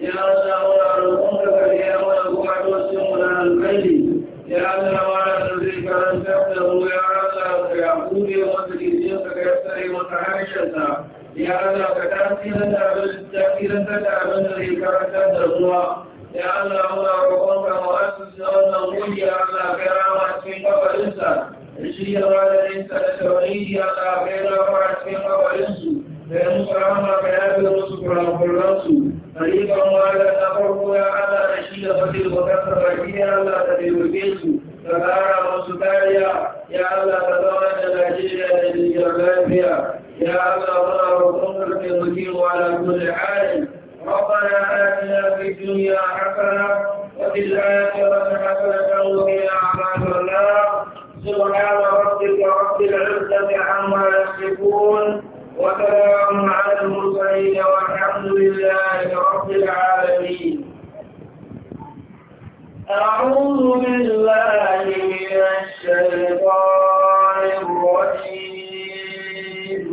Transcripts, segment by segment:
يا الله وعلى أمرك يا الله وعلى سمنا الخير يا الله وعلى نزيك رسولته يا الله ويعقوب ومسك جنسك يفتري وتعايشك يا الله كتاكيلا تعبد تاكيلا تعبد ذيك رسولته الرسول ya Allah muna roƙon ka ma'asus na wannan wuri ya Allah kai rama cikin kafarinsa da shirya malarinsa da taurari ya Allah kai rama cikin kafarinsu da ‘yan karama ka yafe musu kurakuransu ɗariƙan malar na farko ya ala da shi da fasir bakarsa baki ya Allah da taimake su ka ƙara musu kariya ya Allah ka zama da Najeriya da jirgin lafiya ya Allah muna roƙon ka taimake wa ala kulli hali ربنا آتنا في الدنيا حسنة وفي الآخرة حسنة وقنا عذاب النار سبحان ربك رب العزة عما يصفون وسلام على المرسلين والحمد لله رب العالمين أعوذ بالله من الشيطان الرجيم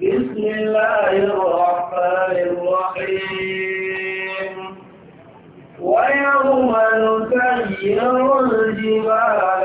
بسم الله الرحمن الرحيم ويوم نسير الجبال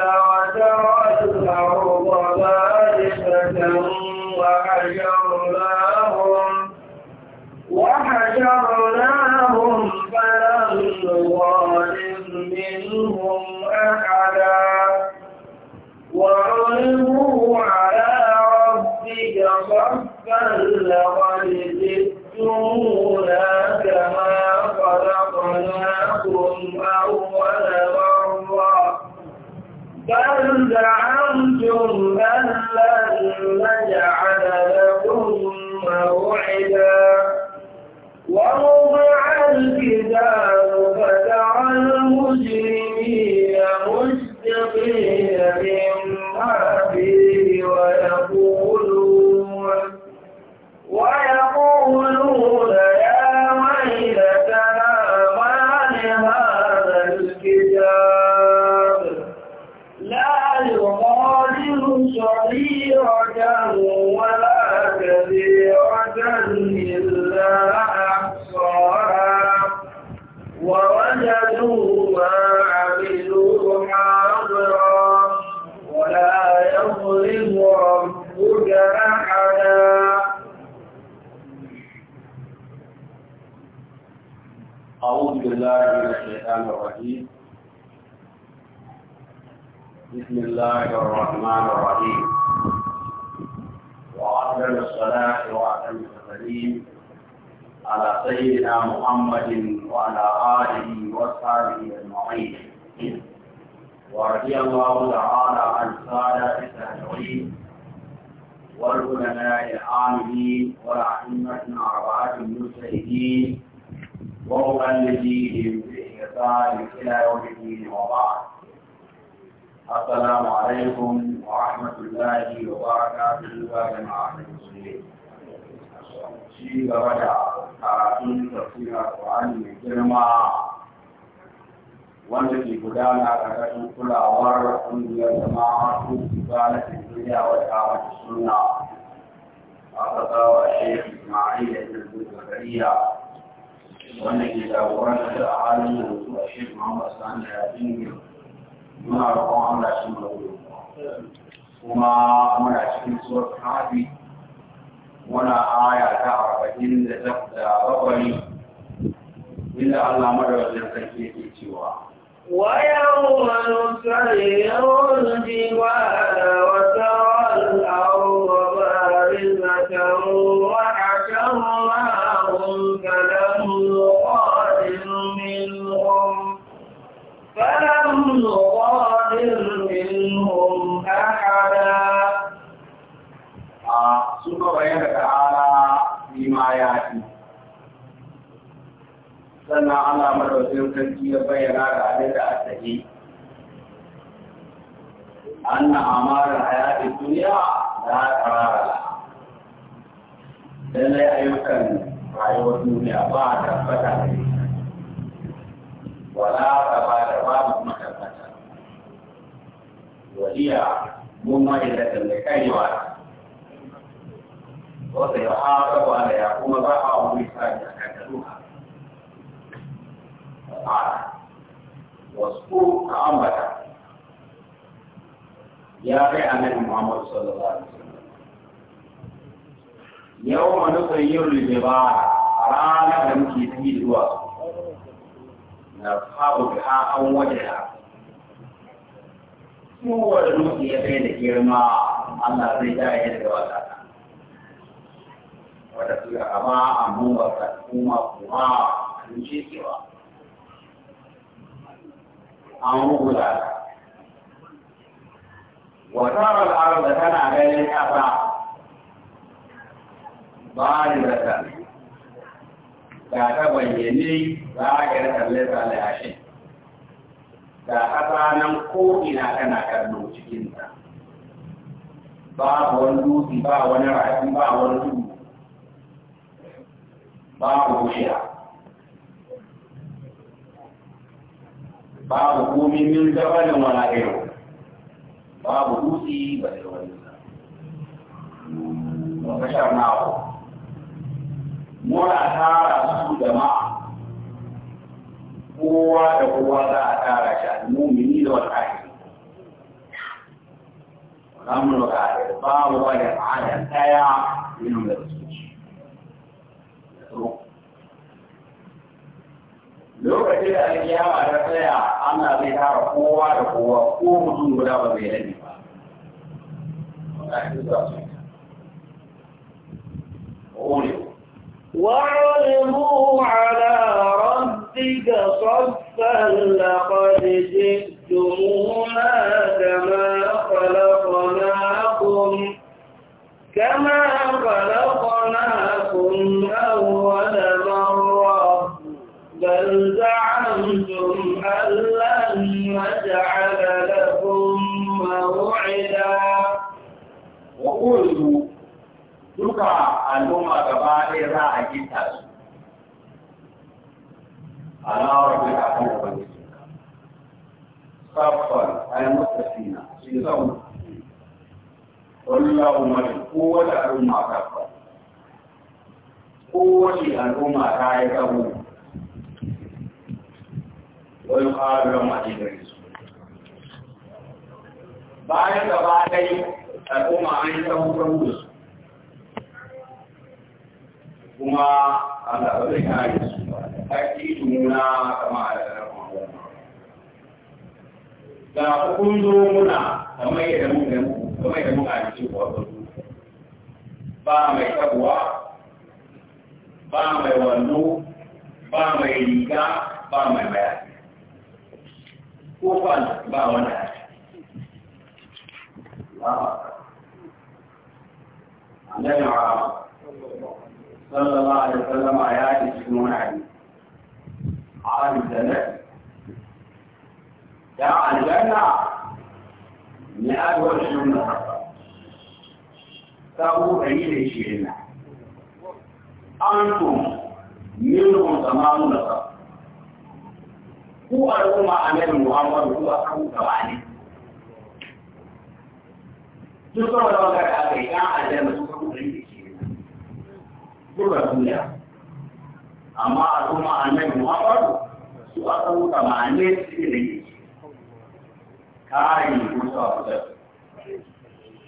الله الرحمن الرحيم وأفضل الصلاة وأتم التسليم على سيدنا محمد وعلى آله وصحبه أجمعين ورضي الله تعالى عن سادة التابعين والعلماء العاملين والأئمة أربعة المجتهدين ومؤلفيهم بإحسان إلى يوم الدين وبعد السلام عليكم ورحمة الله وبركاته وجمع المسلمين. شيخ رجع تعطيل تفسير القرآن الكريم وانتي قدامنا كتاب كل أوار كل جماعة كل سبالة الدنيا وإعادة السنة. أصدقاء الشيخ إسماعيل بن زكريا وانتي تعطيل تفسير القرآن الكريم الشيخ محمد سامي الدين muna roƙon Allah shi mu kuma muna cikin suwar kafi muna aya ta arba'in da bakwai inda Allah madawacin sarki yake cewa ويوم نسير الجبال وترى الأرض وبين تعالى بما ياتي sannan ana madaukin sarki ya bayyana da abin da aka yi an na amarar hayatin duniya da haka rara lallai ayyukan rayuwar duniya ba a tabbata da ita wala ta ba da babu kuma tabbata waliya mun ma'aikatan da karewa وسيحافظ على يعقوب معه بإحسان يحكمها تعالى واذكر عمك يا في النبي صلى الله عليه وسلم يوم نسير الجبال رانا نمشي في الوقت نصحاب بها عن وجهها هو الوقت يبين كلمة الله زي جاهل ولا wata tura kama a nuna nuwarsa kuma kuma sun ce cewa an hula wasarar da tana ganin ƙasa ba ni da ta ga ta bayyane za a ga tsalle-tsalle a shi ga ƙasa nan ko'ina kana kallo cikinta ba wani dutse ba wani rafi ba wani dutse. babu wuya babu komi min gabanin wala irin babu dutse ba da wani ba ka sharnawa mura tara al'umma gaba ɗaya za a gita su alawar da ta kan ubangiji saffar ayi mutafina shi zauna wallahu mai kowace al'umma kafa kowace al'umma ta yi kawo wani ƙararren majalisar su bayan gaba ɗaya al'umma an yi kawo kawo da su kuma Allah ba zai kare su ba haƙi nuna kama a ƙarfin da kun zo muna kamar yadda muka kamar yadda muka ji cewa ba mai kabuwa ba mai wando ba mai riga ba mai baya ko kwan ba wanda Allah ya صلى الله عليه وسلم آيات يسمون عليه عالم سنة يا الجنة مئات وعشرون رقم تابوا بعيد عشرين أنتم منهم ثمانون رقم هو الأمة أمير محمد هو أصحاب ثمانين Justru kalau mereka ada yang ada masuk dura duniya amma a kuma annabi Muhammad su aka ruka mane su ne ne kare ku sa ku da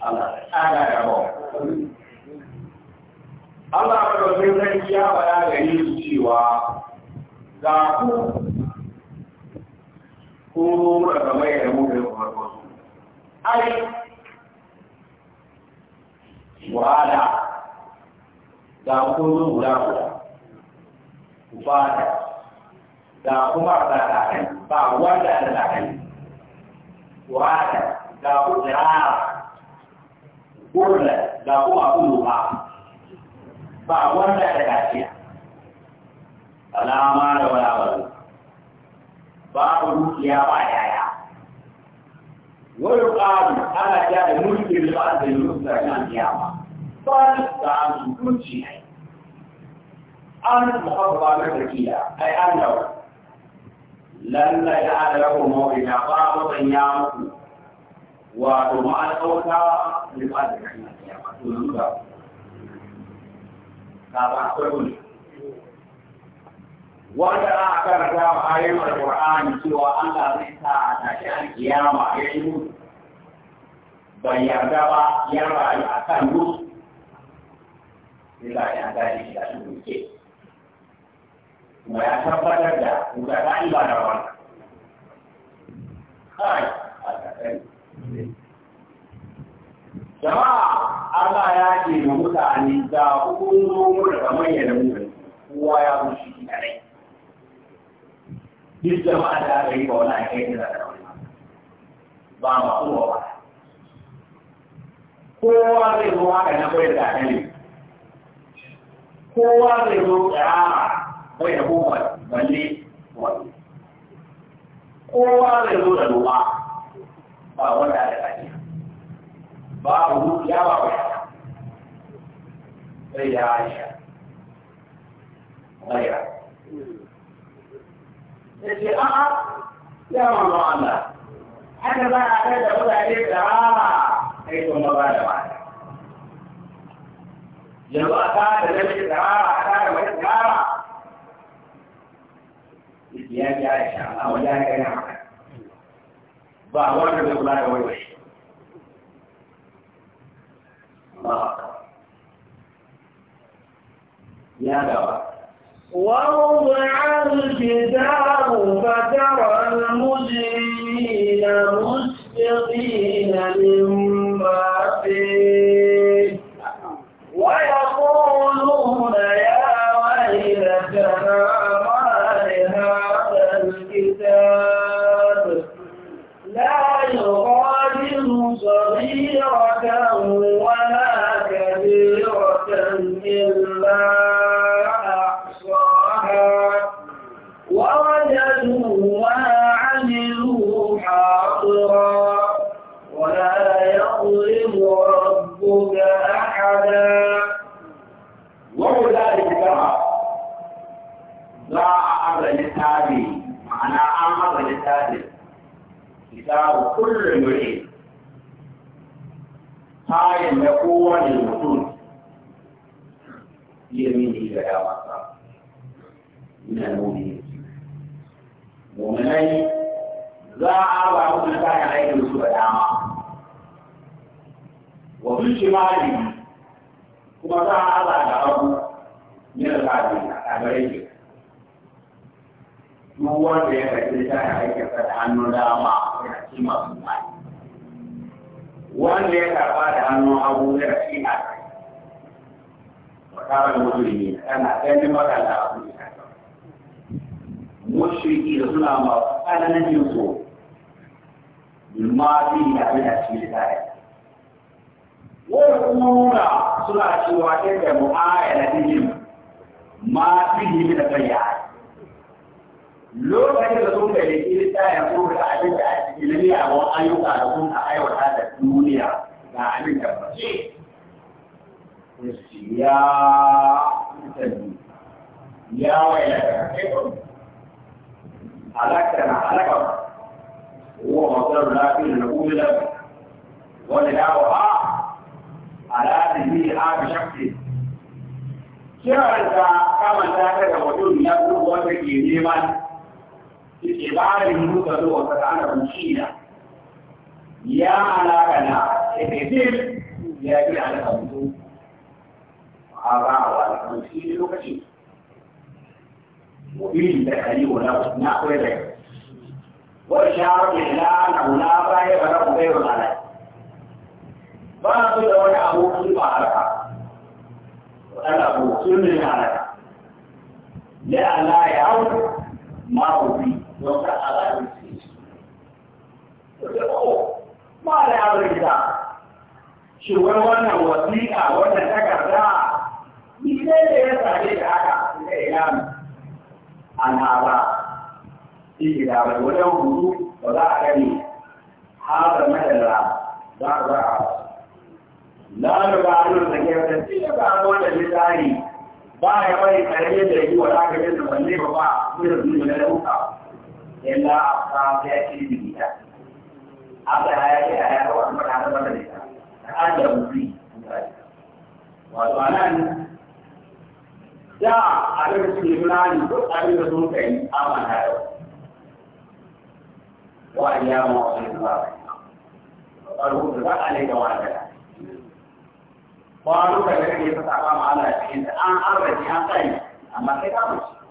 Allah tsara da ba Allah ba da sai sai ya faɗa gare su cewa ga ku ko mu da mai da mu da farko ai wala da kuma wura guda uba da kuma da kakai ba wanda da kakai wada da kudura kurla da kuma kuluba ba wanda da kakiya alama da wala wala ba ku dukiya ba yaya ويقال أنا جاء ملك الأرض المستقيم يا ما فارس عن كل شيء أن مخفض على الكيلة أي أنه لن يجعل له موعد قام قيامه وما الأوسع لبعض الكيلة وأنا أعتقد أن أيام القرآن سوى أن ليس على شأن قيامة علم بل يرتبى يرى أن أحسن نصف إلا أن ذلك لا يمكن kuma ya tabbatar da kuka ta yi ba da wannan kai a kasari jama'a Allah ya ce da mutane ga hukun zo mu da manyan mutane kowa ya zo shi kadai duk jama'a da aka yi ba wani aka yi da ba ma kowa ba kowa zai zo haka na koyar da kowa zai zo tsara bai da kuma balle wani kowa zai zo da noma ba wanda da kaji ba a wuri ya ba wa yaya sai ya aisha maya ya ce a'a ya mamma Allah haka za a kai da mutane da rama kai kuma ba da mata yanzu a ta da namiji da rama a ta da mai da rama ya ji aisha a wajen haka yana haka ba wanda bai يا دواء ووضع الكتاب فترى المجرمين مشفقين مما فيه ويقولون يا ويلتنا kullum yuri kayan da kowane mutum ilimi da ya wasa ina nuni muminai za a ba mutum kayan aikin su da dama wa fi shimali kuma za a ba da abu ne da kafin a kabarai ke duk wanda ya karfi kayan aikin sa da hannun dama shi masu mai wanda ya karba da hannun hagu da shi na kai wakarar musulmi kana ganin makanta a kuma ta mushriki da suna masu tsananin yin so bilma fi da abin da shi da tare wani kuma nuna suna cewa yadda mu'ayyana ta yin ma fi da bayyana lokacin da sun kai kirista ya kuma abin da a cikin miyawan ayyuka da kun ka aiwata da duniya ga abin da ba ce ya sanni ya waila da halakta na halaka wa masar lafiya na kuma da wani dawo ha ala da yi ha bi shakti kiranta kamanta ta da mutum ya kuma wanda ke neman بكبار المدد وفتعنا مشينا يا علاقنا كثير إيه إيه إيه. يا جل على قبضه وعراء وعلى قبضه لوكتين وإن تخلي ولا نأخذ لك وإشارة إلى أنه لا غير له غير عليه بعض الأول أبوه في بعضها وأنا أبوه سنة عليها لا لا يعود ما هو فيه don ka a ba da su ci. Ko, da yawon da, shi wani wannan wasiƙa wannan takarda, ni ne da ya same da haka da iyali. An haɓa, shi da bai wajen hudu ba za a gani, har da madalla za a za a Na ba a yi da kyautar, shi ba a wanda misali ba ya bai tsare da yi wa za ka da wanne ba ba, kuma da zuwa na ɗauka. إلا أصحاب يأتي بها أبدا هاي هاي هو أمر هذا بدل هذا مفيد وأنا da abin da suke nuna ni duk abin da sun kai amma na yau wa ya ma wani ba farko da za a ne ga wanda ba ruka da kake ta saba ma Allah cikin an arraji an kai amma sai ka mutu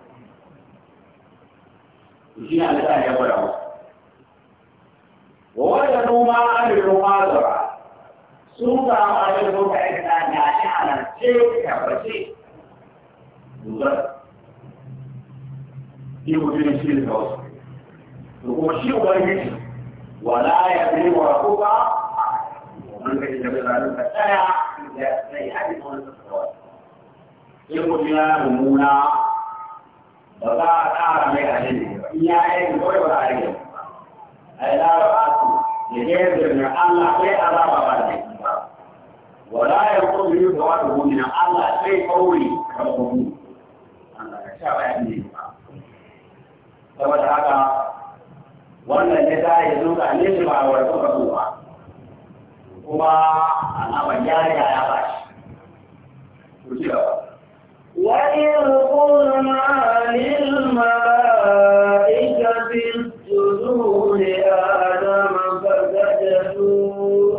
shi na da ya gwada wasu wa wanda noma an yi noma zara sun ga wani noma ya ta da shi halarce tabbace dukkan shi mutum shi da wasu to kuma shi ubangiji wala ya bi wa kuka wannan kai da zalunta tsaya ya sai hadin wannan tsawon in mutum ya mummuna ba za a ƙara mai hadin ne iya aikin kawai ba za a rage a yi laraba su da ke birnin Allah sai azaba ba da yake ba wala ya kuma yi ga wata gumi na Allah sai kauri kamar gumi Allah ya sha bayan ne ba saboda haka wannan ya sa ya zo ga ne shi ba wa suka so ba kuma alamar yaya ya ba shi ku ci gaba وإذ قلنا للملائكة يَعْلَمُونَ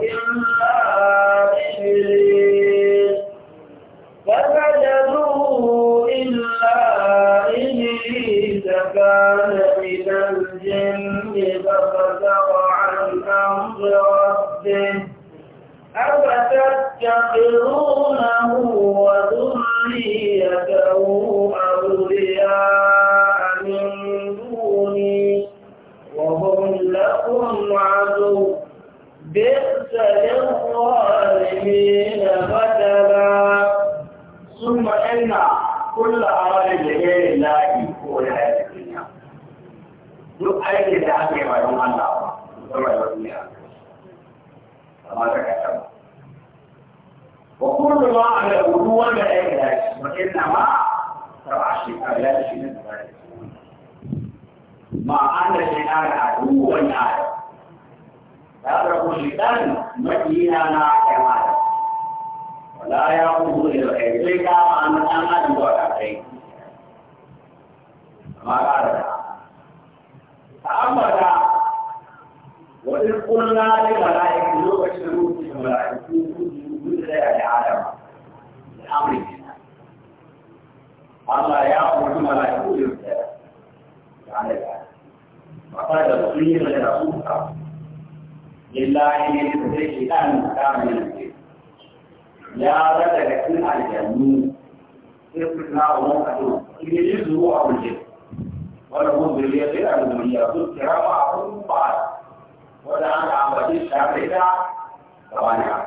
samaniya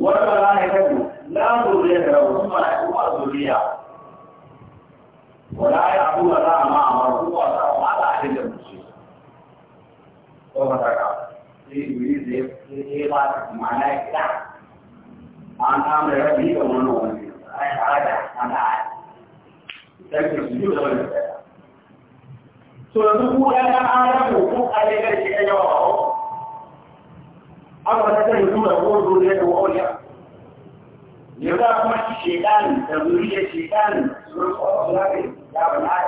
wata rana ya kasu na zuriya da rabu sun mana kuma zuriya wala ya abu da za a ma amma kuma wata ma da abin da muke ko ka saka sai yuri zai sai ba ta kuma na kira an kama rabi da wani wani ai hada an da ai sai ku yi da wani so yanzu ku ya ga an rabu ku kare kai ke yawa أمر هذا يقول أقول ذرية وأولياء لذا ما الشيطان تبرير الشيطان سورة الله يا بنات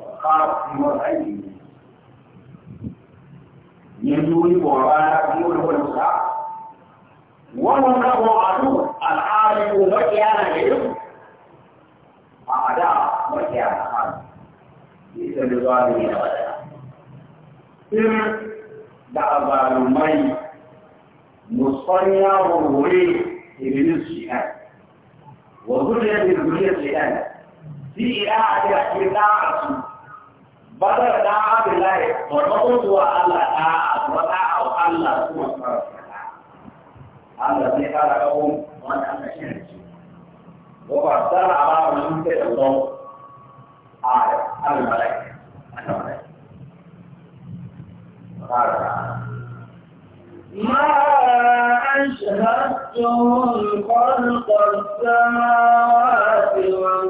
وقال في مرعي يدوني وراء يقول هو المسعى وهم له عدو العالم مكيانا غيره أعداء مكيانا خالد ليس بظالمين أبدا سر دعا ظالمين مصطنع ومغري إبليس شيئان وذرية الذرية شيئان في اعلى إعادة بدر دعا بالله وبطل هو الله دعا ودعا الله سوى الله في قال لهم وانا انا شنو وبعد ذلك على من يمكن الله عارف الملائكه الملائكه وقال تعالى ما أشهدتم خلق السماوات والأرض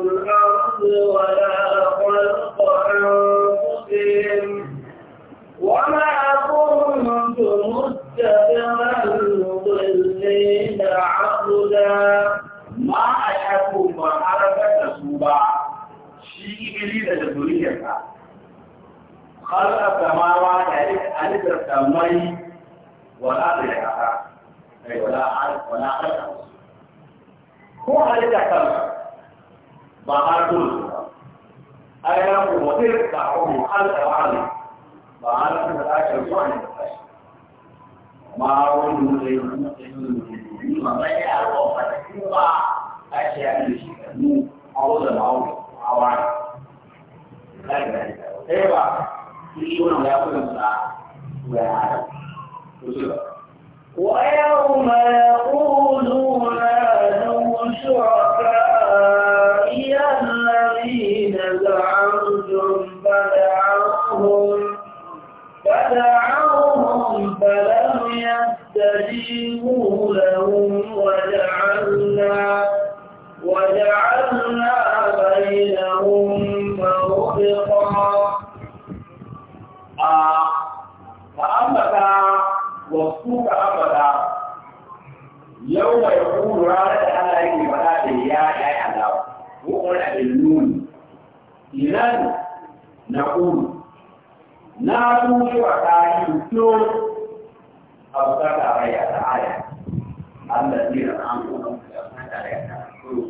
الذين أنعموا لهم في الأرض حتى لا يأكلوا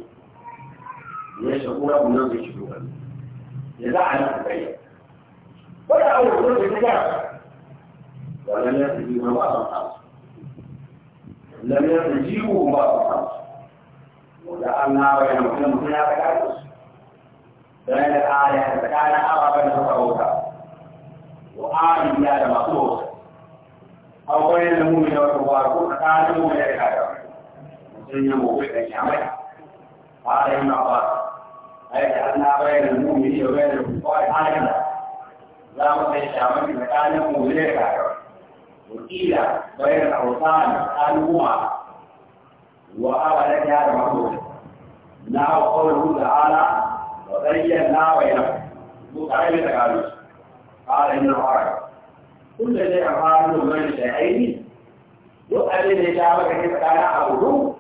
ويشربوا لهم نار يشربون جزاء لهم بيت ولا أول في التجارة ولم يستجيبوا بعض الخمس لم يستجيبوا بعض الخمس وجعلنا بينهم المسلمين تكالس بين الآية فكان أرى بينهم صوتا وآل بلاد مخلوق أو بين المؤمن والكفار كان المؤمن يتكالس سنة موحدة شعبها قال ابن عباس أجعلنا بين المؤمنين وبين الكفار حاجة لا مدى الشعب مكان مؤمنين وقيل بين الأوطان كانهما وأرى لك هذا المحمود نعم قوله تعالى وبينا بينهم مقابل تقالوس قال ابن عباس كل شيء قالوا من شيئين يؤمن الإجابة كيف كان أمره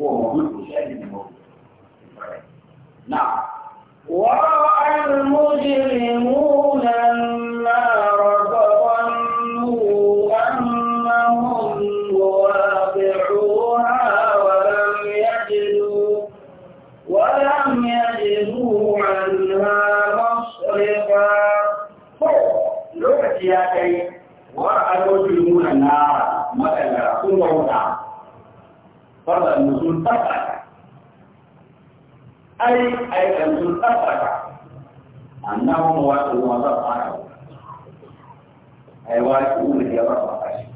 هو موجود بشأن الموت نعم ورأى المجرمون فرض النزول تفرق أي أي النزول تفرق أنه مواقع وضع عنه أي واقع ولد يرفع أشي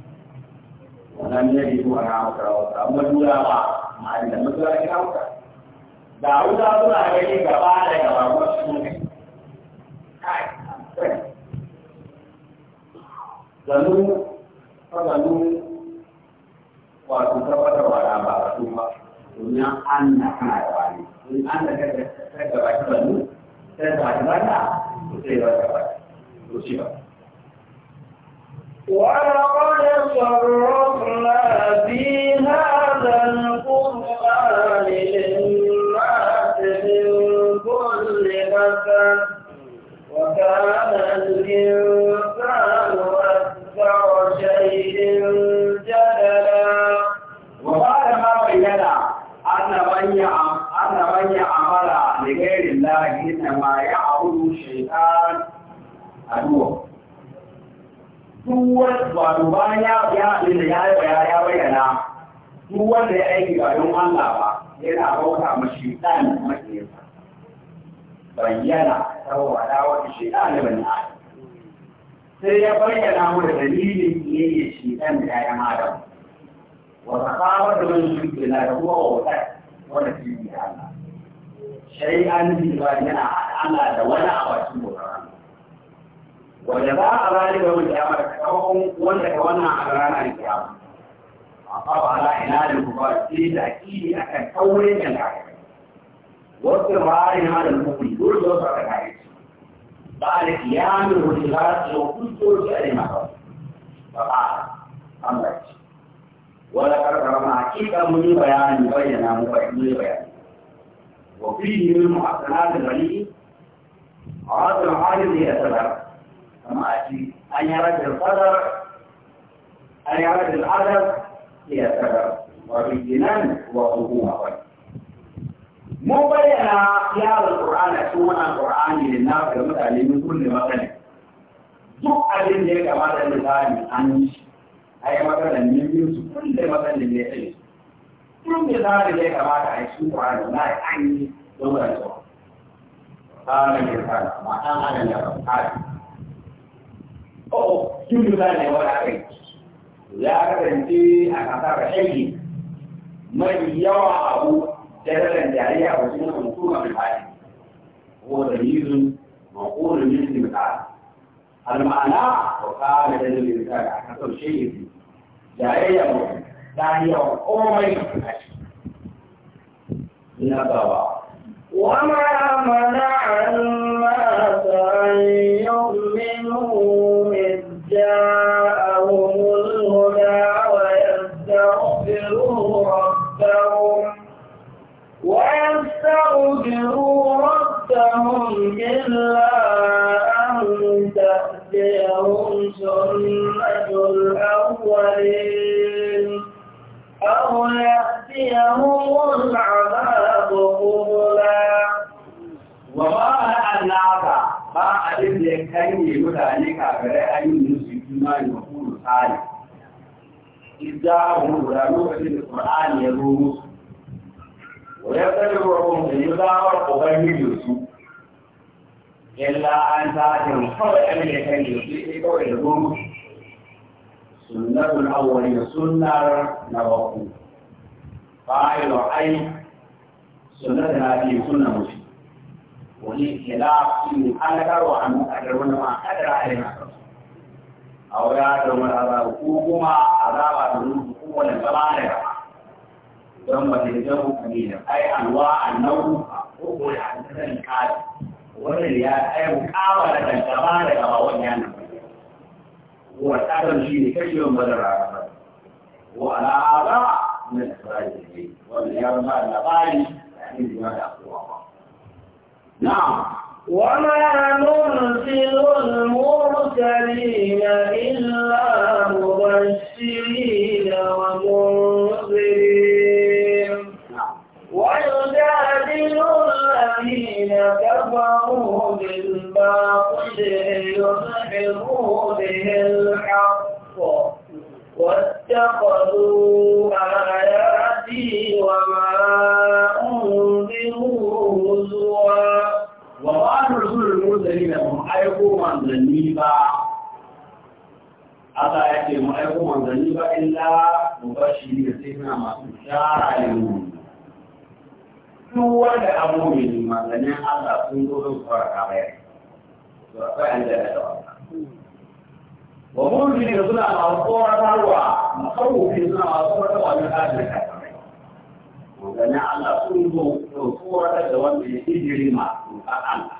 ولم يجدوا أن عمك روضا مجولا ما إلا مجولا كروضا دعوة أبونا عليه كفالة كفالة كفالة كفالة ظنوا فظنوا wato tabbatar wa na ba su ba domin an na kana da wani in an da kaga kaga ba ki sai da ba na to sai ba ka ba to shi ba ولقد صرفنا في duwar wato bayan ya da ya ya ya bayyana duk wanda ya aiki ga don Allah ba yana bauta ma shaitan makiyarsa bayyana saboda wata shaitan ne bani adam sai ya bayyana mu da dalilin kiyayya shaitan da ya mara wa kawar da mun shirke na da kuma wata wanda ke yi da Allah shay'an bi ba yana hada Allah da wani abu wanda za a zali ga wanda ya mara kawakon wanda ka wannan a ranar kiyama amma ba ala ina da ku ba sai da akili akan taurin da ka kai wasu ra'ayin halin hukumi dole da wasu aka kare su ba da kiyamin hujjara da hujjoji a nema ba ba ba an ba ce wala karkara ma hakika mun yi bayani bayyana mu bayyana bayani wa fihi min muhassanat al-bali a wasu ra'ayin da ya tabbata سماعتي أن يرد القدر أن يرد العدد هي قدر وبالجنان وقبوها مو بينا يا القرآن سونا القرآن للناس المتعلم من كل مكان duk abin da ya kamata da zami an yi a yi maganar ne biyu su kulle maganar da ya tsaye tun da zami da ya kamata a yi su kwanu na an yi don gaisuwa. Tsarin da ya kara, matan adam ya kara. ولكن لكن في من يوعه تلك الجارية وسنة مقومة في الحياة هو تمييز مقول من اسم تعالى المعنى وقال تلك الرسالة حتى الشيء في جارية مقومة لا مقومة في الحياة نبضى وما منع الناس أن يؤمنوا جاءهم الهدى ويستغفروا ربهم ويستغفروا ربهم إلا أن تأتيهم سنة الأولين أو يأتيهم العذاب قبلا ba abin da ya kai ne mutane kafirai ayyukan su imani wa kullu tsari idza hum da lokacin da qur'ani ya zo musu wa yadruhum da yudawar ubangiji su illa an ta'tin kawai abin da ya kai ne su sai kawai da zo musu sunnatul awwalin sunnar na baku fa'il ai sunnatuna fi sunnatul wani ke da su halakarwa a mutakar wani ma kadara a yana a wuya da wani azabu ko kuma azaba da rubu ko wani zama da yawa don ba ta yi hukumi da ai alwa a nau'u a koko da hankalin kari wani ya ai mukawa da gaba da gaba wani yana wa tsarin shi ne kashe yawan badara ba wa ala'aza na tsirrai wani ya ba labari da yin jima'a نعم وما نرسل المرسلين إلا مبشرين ومنذرين نعم. ويجادل الذين كفروا بالباطل يضحكوا به الحق واتخذوا آياتي وما mursali da mu aiko manzanni ba Allah ya ce mu aiko manzanni ba illa mu bashi da sai suna masu shara yin duk wanda abu mai manzannin Allah sun zo zan fara kamar to akwai an da da wa mursali da suna masu tsoratarwa makawufin suna masu tsoratarwa na kafin kafin manzannin Allah sun zo tsoratar da wanda ya hijiri masu ka'an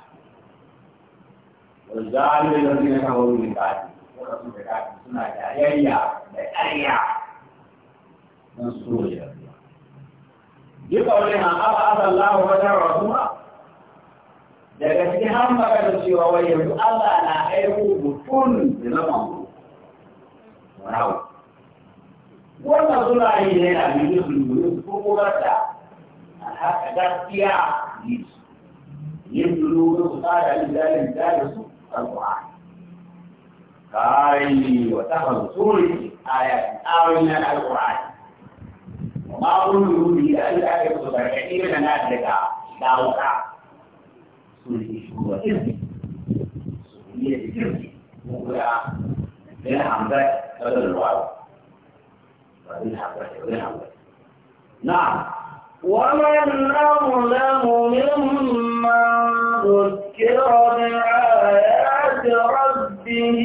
والظالم الذين كفروا من بعد ورسول الله سنة جاهلية بأريا من سوريا بقولها أبعث الله بشر رسولا daga cikin hambaka da cewa wai yanzu Allah na aiko mutum da zama rawa wannan suna yi ne na biyu su yi su kuma da haka gaskiya yi su yi su lura su tsara da dalilin da su القرآن قال وتخذ سوري آيات آوينا القرآن وما أقول به إلا أن يكتب كثير من ذلك دعوة سوري هو إرثي سوري إرثي وهو من حمزة بدل الواو ومن حمزة ومن حمزة نعم ومن أظلم ممن ذكر بآيات ربه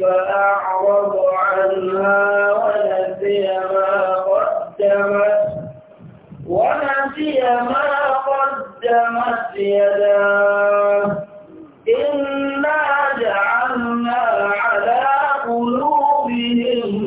فأعرض عنها ونسي ما قدمت ونسي ما قدمت يداه إنا جعلنا على قلوبهم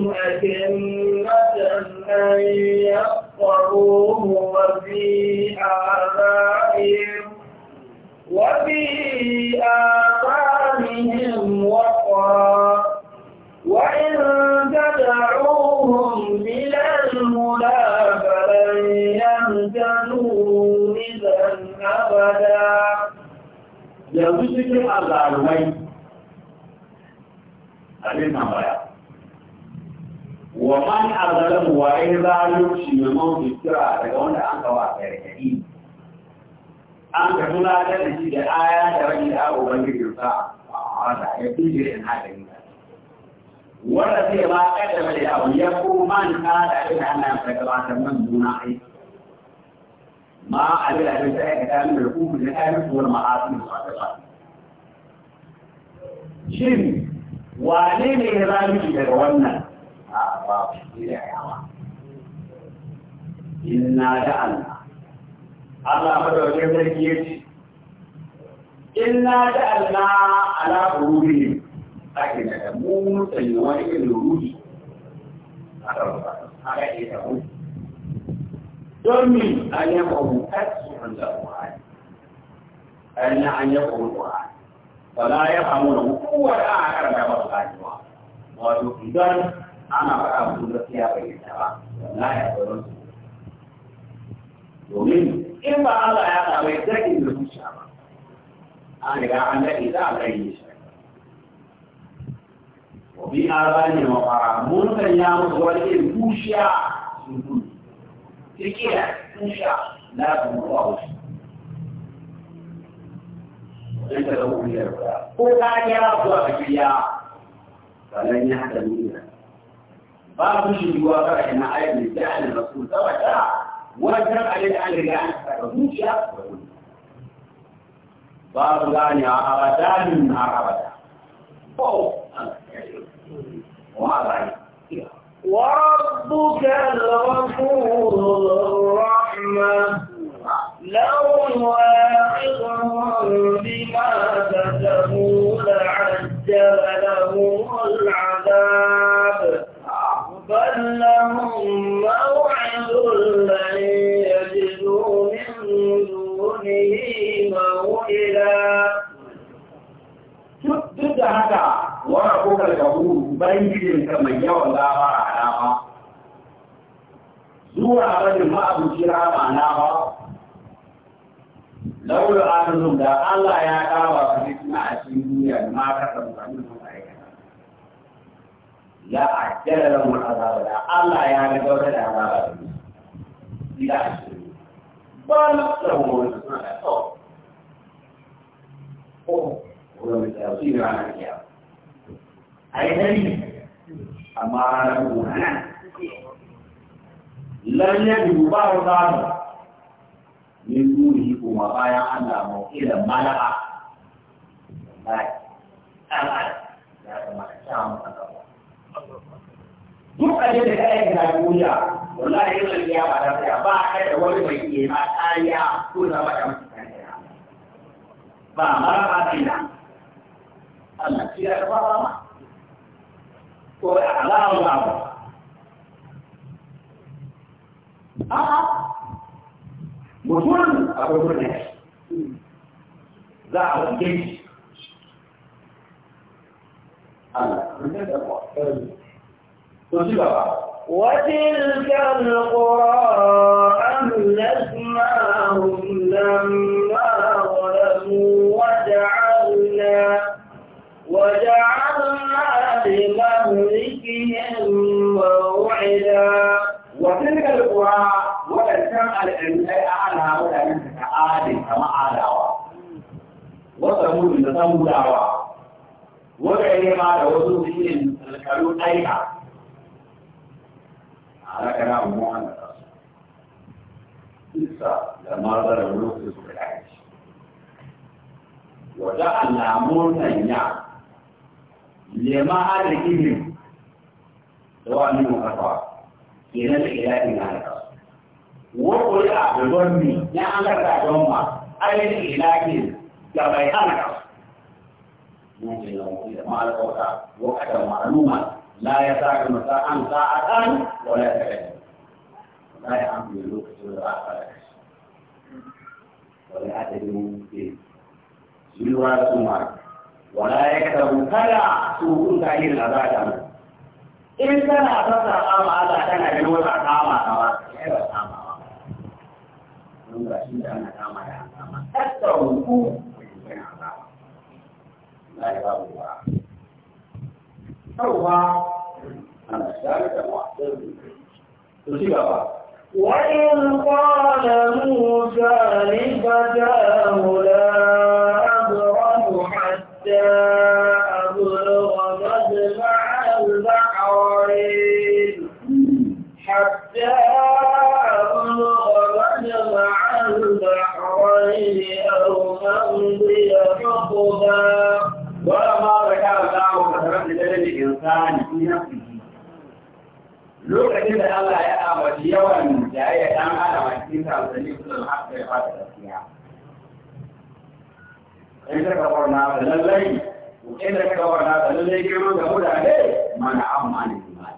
الغالوين قليل ما بايا ومن أظلم وإذا يكشي ممن في السرعة لقد أنت واحد كريم أنت هنا تنسيد آية رجل أبو بنجي جرساء فعلا يبتجر إن هذا المال ولا ما قدم لأبو يقول من هذا إن أنا من دونه ما أبي الأبي سيكتان من الأمور لأبي فور معاصم صادقات shin wane ne ya zalunci daga wannan a ba shi da yawa inna da Allah Allah madaukakin sarki ya ce inna da Allah ala ruhi ake da mu sanya wani irin ruhi a karfa haka ke da mu don mi an yi kwamu kasu wanda an yi kwamu kwamu فلا يفهمون هو الآخر ما بطلعوا wato idan ana faɗa musu gaskiya bai yi ba wallahi a tsoron su domin in ba Allah ya sa bai zaki da zuciya ba an riga an daɗe za a kai yi shi wa bi azani wa fara mun kan ya musu wani irin tushiya sun gudu tikiya tushiya la ta mu wa wuce ليس له من وكان يرى وأشياء فلن يحتمل باب شجوا فرح ما أيضا جعل الرسول توجه وجب على الأمر أن تكون باب غاني أبدا من أبدا وهذا وربك الغفور الرحمن لو يواعظهم بما كسبوا لعجل لهم العذاب بل لهم موعد لن يجدوا من دونه موئلا duk da haka wani kokar gabu bayan ka mai yawan gabara a dama zuwa rajin ma'abuci rama na ba لو أنهم ده الله يا كوا في الدنيا الدنيا ما كتب لهم عليك لا أجل لهم العذاب لا الله يا كوا في العذاب لا أجل بل لهم ولم يتعصي عن الكتاب أي نبي أما أنا لن يجب بعض ne dunihi kuma bayan Allah mu ila malaka wallahi an an ya kamata ta mu kaza duk aje da kai ga duniya wallahi yau ne ya ba da ya ba kai da wani mai ke ma kariya ko da ba da ba maraba dina Allah shi ya ba ma ko Allah Allah a'a mutum akwai murna shi za a shi وتلك القرى أهلكناهم لما ظلموا وجعلنا وجعلنا لمهلكهم موعدا وتلك القرى waɗancan al'adu sai a ala waɗannan ta adin kama adawa wata mutum da san gudawa wata ne ma da wasu cikin alkalu aika a halaka na umuwa na kasu isa da marar da wani su da kashi wata alamun sanya lema arzikin da wani makarfa kenan da ilahin na da kasu وقرئ بظلمي يا أنكر ظلما أي لكن لا بيانك مع الأوقات وقت معلومة لا يساعد مساء ساعة ولا يساعد لا يعمل الوقت ولا أفعل ولا أدري فيه سلوى سمع ولا يكتب كلا سوء تعيين الأبعاد إن كان أفضل أم على كان جنوب أقام أقام don ga shi da ana kama da alama tattara hukun wajen alama na yi babu wa tauba ana shari da wasan to shi gaba وإن قال موسى لفتاه لا أبرح حتى موسى ولما ذكر الله كثرة لدل الإنسان في نفسه lokacin da Allah ya ambaci yawan jayayya dan adam a cikin sansani kullum har sai ba ta gaskiya in ka kawar na da lallai in ka kawar na da lallai girman da mutane mana amma ne imani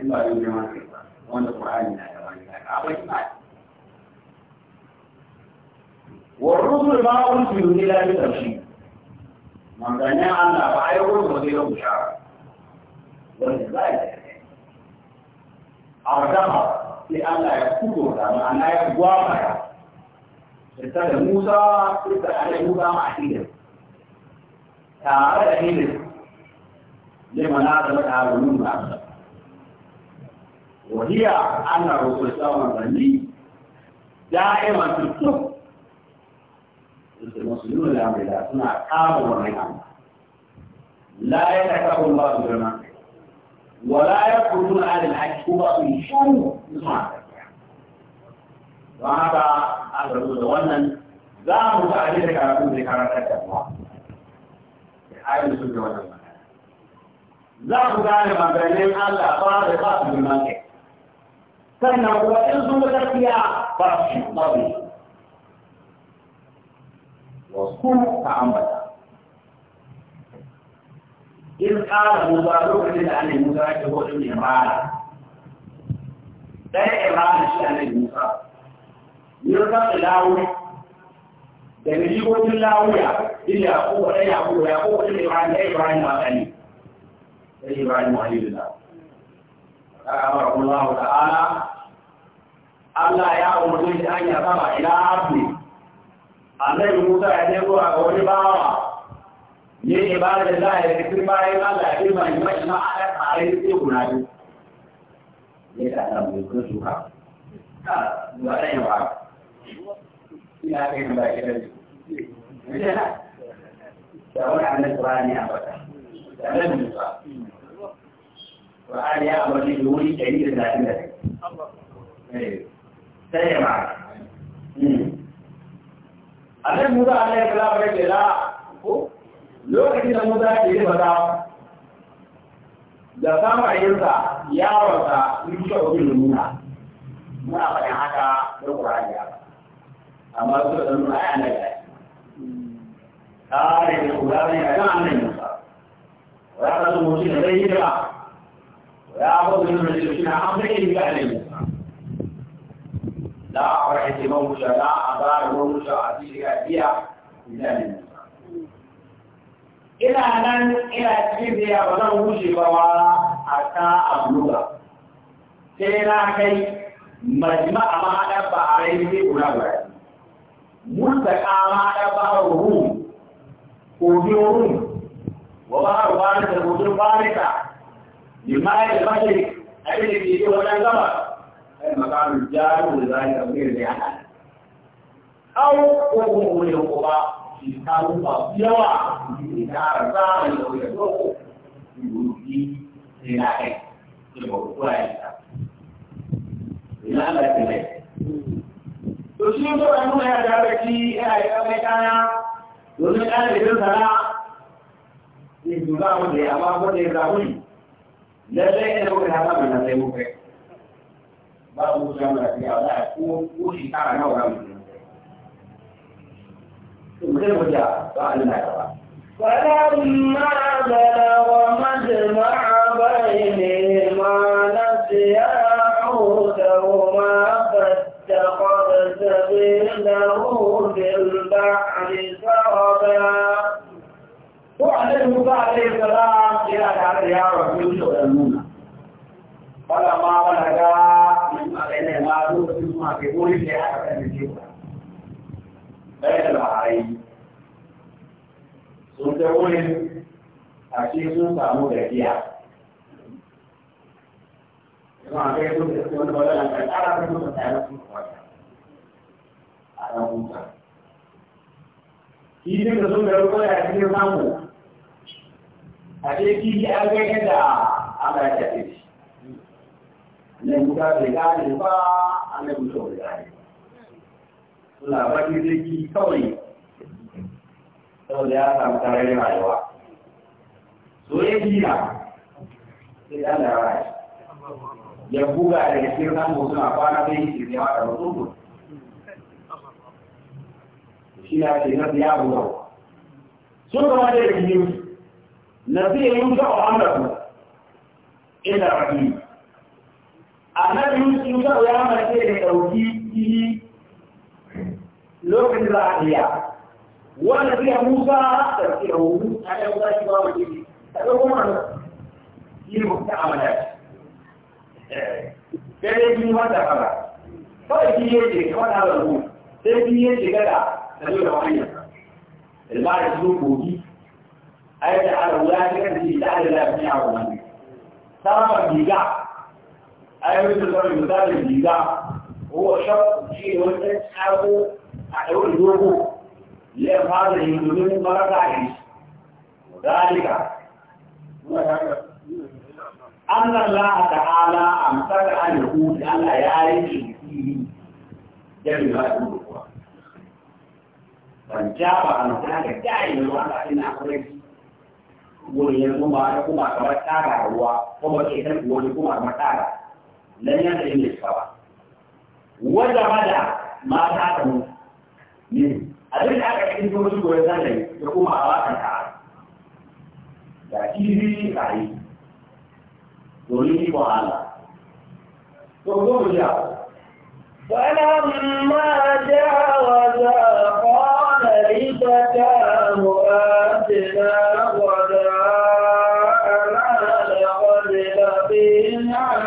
in ba yin girman wanda Qur'ani na da wani akwai imani والرسل ما أرسلوا إلا بترشيد من دنيا أن رأيه وزير بشارة ولذلك أردها لأن لا يكتبها لأن لا موسى ابتدى موسى مع حيلة تعالى حيلة لما نعلم تعالى من نعلم وهي أن الرسول صلى الله عليه وسلم دائما في الصف المسلمون الأمريكا سنع كامل ونعم لا يتكفر الله بجمع ولا يقولون أهل الحج هو في شو نسمع وهذا أهل الرسول وانا لا متعجل كاركون ذكرات الدموع أهل الرسول وانا لا متعجل مبينين ألا فارقات بالمنطق sannan kuma in sun ga gaskiya ba su وصوم تعمل إذ قال مزارعك لأن مزارعك هو ابن إبراهيم ده إبراهيم الشأن الموسى يرضى الله ده يجيبه الله يا إلا يعقوب لا يعقوب يعقوب إلا إبراهيم لا إبراهيم ما غني إلا إبراهيم وحي الله أمره الله تعالى ألا يا أمه أن يضع إلى عبده annabi Musa ya je zuwa ga wani bawa ne ibadar da ya zikir bayan Allah ya girma ne mai na ayar tare da sai guda biyu ne da Allah mai kun suka ka zuwa ɗan yawa ina kai na baki da da wani annabi Qur'ani a bata da annabi Musa Qur'ani ya ambaci da wuri 131 sai ya ma annabi Musa Allah ya kula bare ke la ko lokacin da Musa ke yi maza da sama yinsa yaron sa yi shi obi nuna muna faɗin haka da Qur'ani ya amma su da nuna ai annabi kare da kula ne ga annabi Musa ya rasu mutum da zai yi ba ya ba da nuna shi na amma yake ga annabi لا أرحت موشى لا أبار موشى أتيك أبيع إلا من إلى أن إلى كيفية ولن وشي بوا حتى أبلغ سينا كي مجمع ما أدب عليه بنابر ملتقى ما أدب الروم وجوههم وبحر بارك الوجوه باركة لما المشرق أبي في ولن غمر مقام الجار وذلك غير لأحد أو وهو يقضى في كتاب بابيوة إذا أرزاه أو يدوه يوجي لأحد يقضى ina Allah ke mai. To shi yin zuwa nuna ya da baki yana yi kamar kaya domin kare da sana ne jura wanda ya amma wanda ya zamu ne. Lallai ina kuka ya zama na sai mu kai. ba su zuwa mara tafiya za a ko ko shekara nawa za mu yi to mu zai wajen ba Allah ya ba بلغ مجمع بينهما نسيا حوتهما فاتخذ سبيله في البحر سربا وعليه موسى عليه السلام إلى تعالى يا رسول الله فلما بلغا a ke wurin da aka kan da cewa ɗaya da ba'arai sun ta wurin a ce sun samu gajiya yana kai sun da suke wani wadana kan ƙara ta mutu ta yana sun kwata a ɗan huta kifin da sun da rukun ya cikin samu a ce kifi an kai yadda aka yi tafi ne muka bai gane ba annabi kawai da ya labarin zai kawai saboda ya samu tarayyar rayuwa so ya gina sai ya da rayuwa ya buga da cikin nan mutum a kwana bai yi shirya wa da mutum shi na ce na ya buga sun kama da rikimin na zai yi wuta a ina annabi yusuf da ya mace da dauki kiri lokacin da a biya wanda biya musa da ke hudu a yau za shi ba wa kiri ta ga kuma yi ta amana dare bi ma ta fara kawai kiri yake kawai na rabu sai kiri yake gada da yau da wani ilmari su kogi a yadda a rabu ya shi kan jiri da adada ya fi yawon wani sama biga أي مثل المثال الجدع هو شخص شيء وانت تسحبه أقول دوره لأفعال الهندوين مرة تعيش وذلك أن الله تعالى أمسك عن يقول أن لا يعيش فيه جميع هذا الأخوة فانجاب عن هناك دائما وأنا أنا أخرج wani yanzu ma kuma kamar tara ruwa kuma ke san wani kuma kamar tara لن يدعي للشرع وجمد ما تعلم منه abin da aka cikin kuma shigo ya zanayi ya kuma a wakan ta da kiri rayu domin yi wahala to zo mu ja فلما جاوز قال لفتاه آتنا وداءنا لقد لقينا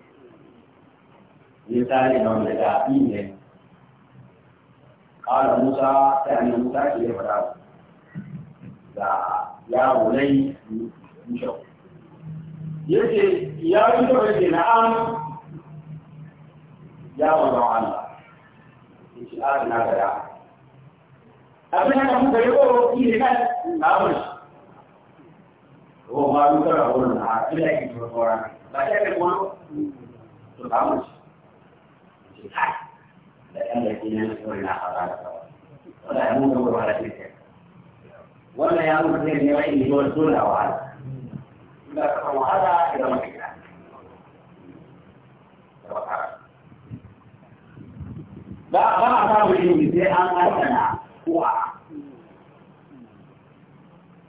يسال من لقائه قال موسى كان موسى كي يفرق يا بني يوسف يجي يا يوسف يجي نعم يا ولد الله يجي آخر نادر أبنى كم بيقول في هنا نعمش هو ما يقول هو نعم إلا يجي بقول لا شيء يقول تنعمش الاتحاد لكن الذين يدخلون حرارة ولا يموتون على تلك ولا يموت غير يومين يوزون او على هذا الى وجه الله ba ba ba ba yin sai an aikana kuwa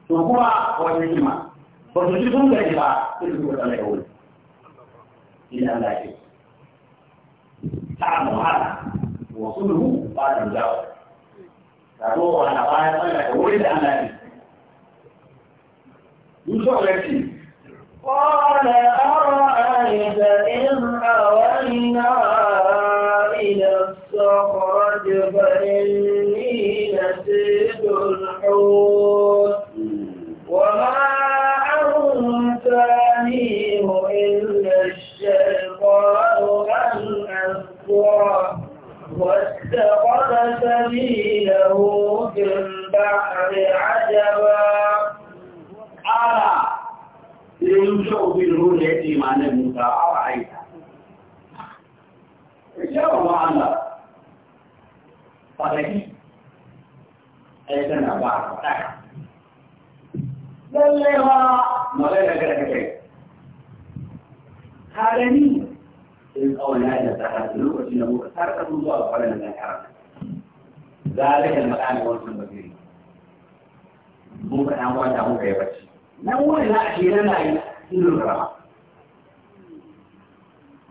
to kuwa wani hikima ba su ji sun gari ba sai su ga Allah ya wuri ina Allah ya تعمل هذا وصله بعد الجواب تروح على بعض طلع ولد أمامي يوسف لك قال أرأيت إن أوينا إلى الصخرة فإني نسيت الحوت وما أخرى واتخذ سبيله في البحر عجبا أرى يمشوا بالرؤية ما نمت أرأيت يوم أنا فلكي أيضا بعض لله ما لا شيء هذا إن أولاد تحسنوا وإنه تركه الله ولم يحرمه ذلك المكان والسن بكري مو كان هو ده هو يا بچي نقول لا شيء لا يصير الكلام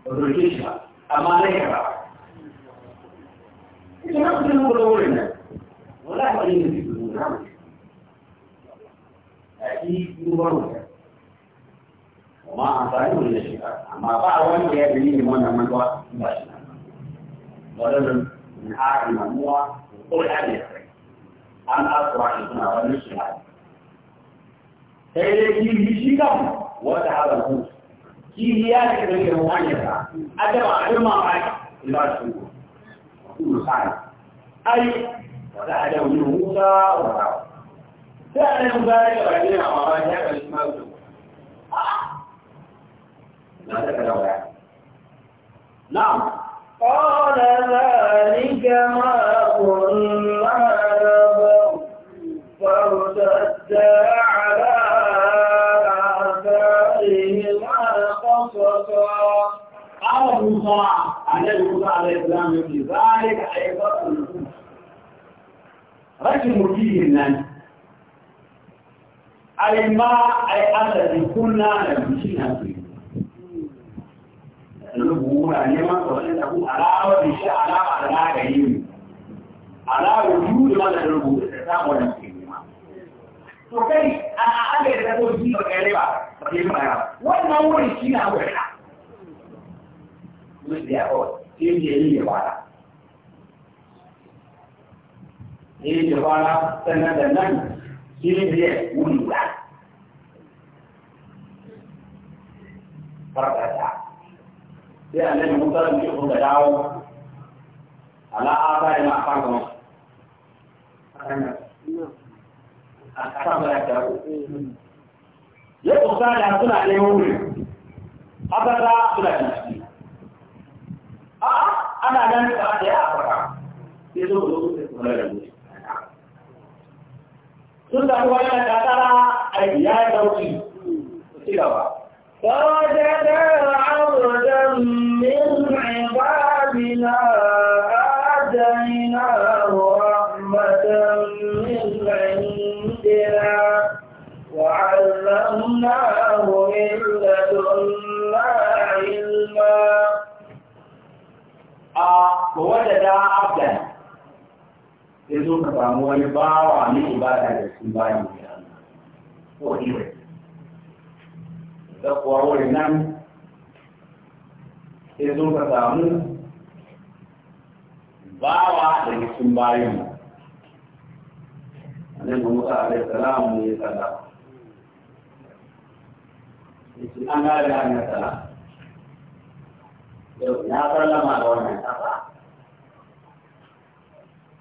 ورجيش أما لا يرى إذا ما كنت نقول ولا ولا ما يجي يقول نعم أكيد يقولون amma amfani wani da shi amma ba wanda ya gani ne wannan mantuwa ba shi wadannan nahari mamuwa ko ya ne an asura shi suna wannan shi na sai dai kihi shi kan wata haɗa ku kihi ya ne gani da mu'anyarsa adaba abin mamaki ila shi ku kuma sani ai wata haɗa wani musa wata sai a nan musa ya gaba ne a mamaki ya kan shi ma نعم قال ذلك ما كنا نبغ فارتدا على آثارهما قصصا قال موسى عليه موسى عليه السلام في ذلك ايضا رجل فيه الناس أي ما أي الذي كنا نمشي فيه sannan buhu na neman sa wajen tabu alawar da shi alawa da magani ne alawar biyu da mana da rubuta da samu wannan ke nema to kai a ala da ta zo shi ba kai ba ba kai ba wannan wurin shi na wurin ka musu da yawa sai ya yi ya fara ya yi ya fara sannan da nan shi ne ya wuri guda farfata sai annabi musa da shi da dawo ala aba da ma fara mu a kasan da ta ya kusa da suna ne wuri abada suna ciki a ana nan da ta ya afirka sai zo da su da da mu sun da ruwa da tsara a ya dauki ci gaba فوجدا عبدا من عبادنا آتيناه رحمة من عندنا وعلمناه من لدنا علما فوجدا آه، عبدا sai zo ka samu wani bawa ne ibada da shi bayan ya Allah ko iwe da kwarorin nan sai zo ka samu bawa da cikin bayan annabi Musa alaihi salam ne ya tsada yace an ga da an tsada yau fara lama da wannan tsada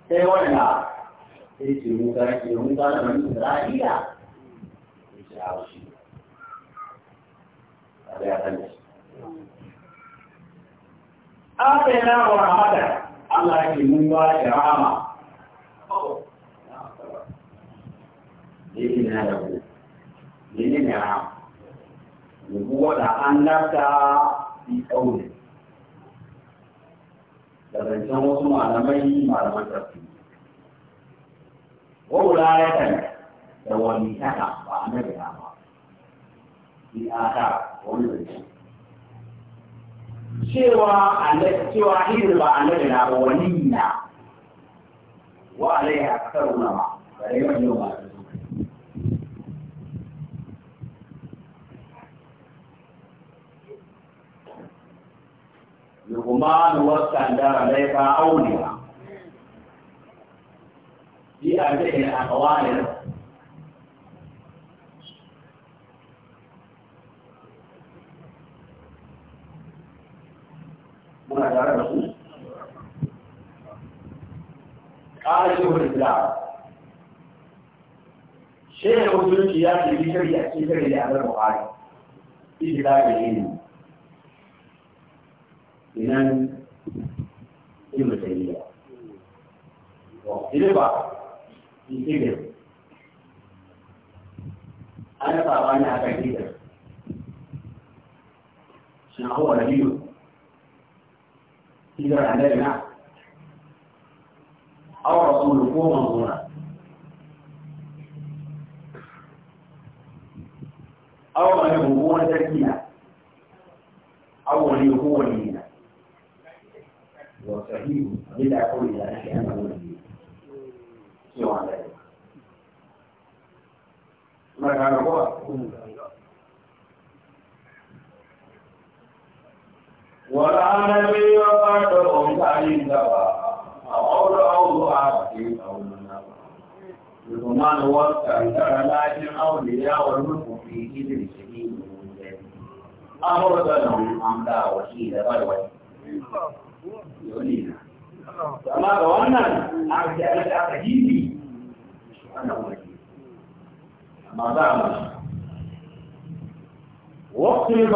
sai wannan sai ce Musa ke Musa da Bani Isra'ila yace a shi da ya san shi Afena wa rahmata Allah ke mun ba shi rahama. Yake na da ku, yake na rahama. Nubuwa da an lafta fi ƙaune. Da zancen wasu malamai malaman tafi. Wawula ya kan da wani taka ba a nabi ba. Bi a cewa cewa hirin ba annabi na ba wani na wa alaihi akthar ulama bare yawan yau ba Luqman wasan da laifa auliya fi ajihi aqwalil muna tare da ku ƙara shehun islam shehun musulunci ya ce bi shari'a ce shari'a a zar buhari ijira da yin inan ibn tayyiba wa ilba ibn ana ba wani akan gidan shin hawa nabiyu يجري علينا نعم. أو رسولكم هنا أو من يبغون تركينا أو من يبغون لينا وصحيح بلا كل إلى نحن أنه نبي سوى ولا نبي قد أمتعين دبا أقول أوضع في قولنا لثمان وقت أنتر لكن أولياء والملك في إذن سبيل أمر لهم أمدا وكيل بلوي يولينا ما دامنا واقترب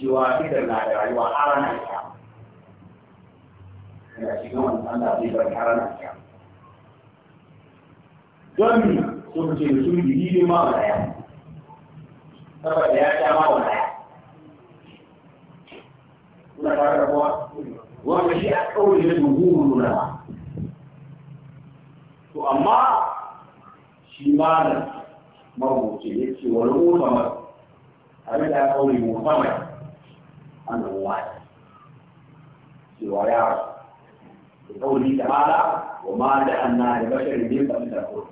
cewa idan na da rayuwa har na ya yana shiga wani Allah zai bar har na ya don mi so ku ce mutum biyu ne ma wa ya saboda ya sha ma wa ya kuna tare da kowa wanda shi a kawai da dubu na to amma shi ma da mabuce ya ce wani mutamar abin da ya kawai mutamar أنه واحد سوى يعرف لقوله تعالى وما جعلنا لبشر من قبل الخلق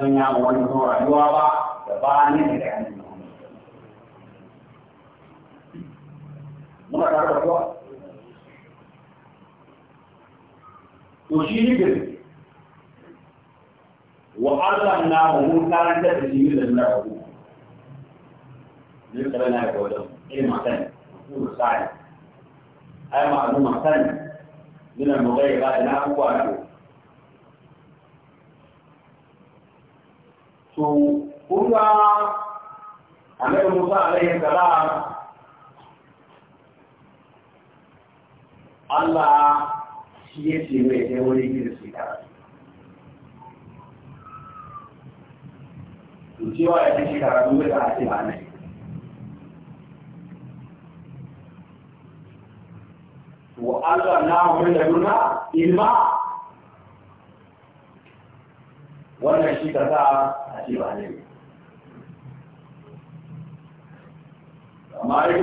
أن يعمل نور عيوابا فباني لك عن ما تعرف تشير وعلمناه من كان تسجيل الله لذكرنا يا كلمة ثانية مفهوم الساعة أي معلومة ثانية من المغيبات لا أقوى to kuma annabi Musa alaihi salam Allah shi ya ce mai sai wani gida shi karatu to cewa ya ce shi karatu bai da ake ba nai وألغناه من لدنا إلما wannan shi ka sa a ce ba ne amma